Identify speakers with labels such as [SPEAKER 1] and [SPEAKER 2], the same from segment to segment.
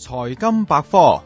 [SPEAKER 1] 財金百科，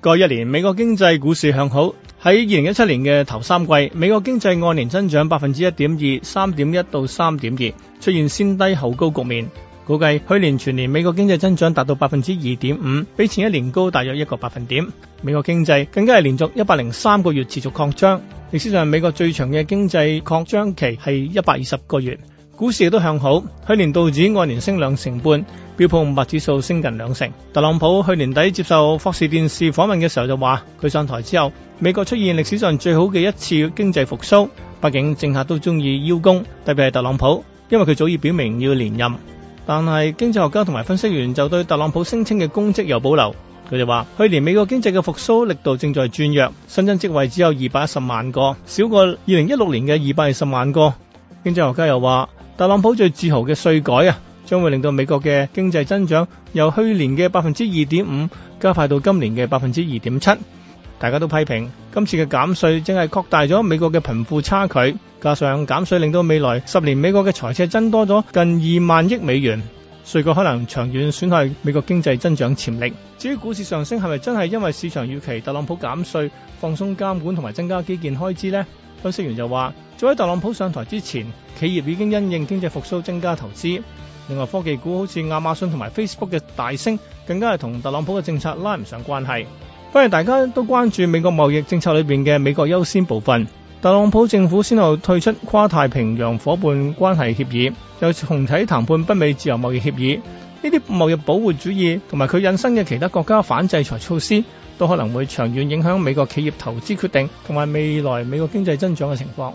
[SPEAKER 1] 過去一年美國經濟股市向好。喺二零一七年嘅頭三季，美國經濟按年增長百分之一點二，三點一到三點二，出現先低後高局面。估計去年全年美國經濟增長達到百分之二點五，比前一年高大約一個百分點。美國經濟更加係連續一百零三個月持續擴張，歷史上美國最長嘅經濟擴張期係一百二十個月。股市亦都向好，去年道指按年升兩成半，標普五百指數升近兩成。特朗普去年底接受霍士電視訪問嘅時候就話，佢上台之後美國出現歷史上最好嘅一次經濟復甦。畢竟政客都中意邀功，特別係特朗普，因為佢早已表明要連任。但係經濟學家同埋分析員就對特朗普聲稱嘅功績有保留。佢就話，去年美國經濟嘅復甦力度正在轉弱，新增職位只有二百一十萬個，少過二零一六年嘅二百二十萬個。經濟學家又話，特朗普最自豪嘅稅改啊，將會令到美國嘅經濟增長由去年嘅百分之二點五加快到今年嘅百分之二點七。大家都批評今次嘅減稅正係擴大咗美國嘅貧富差距，加上減稅令到未來十年美國嘅財赤增多咗近二萬億美元。稅改可能長遠損害美國經濟增長潛力。至於股市上升係咪真係因為市場預期特朗普減稅、放鬆監管同埋增加基建開支呢？分析員就話，早喺特朗普上台之前，企業已經因應經濟復甦增加投資。另外，科技股好似亞馬遜同埋 Facebook 嘅大升，更加係同特朗普嘅政策拉唔上關係。歡迎大家都關注美國貿易政策裏邊嘅美國優先部分。特朗普政府先後退出跨太平洋夥伴關係協議，又重啟談判北美自由貿易協議。呢啲貿易保護主義同埋佢引申嘅其他國家反制裁措施，都可能會長遠影響美國企業投資決定同埋未來美國經濟增長嘅情況。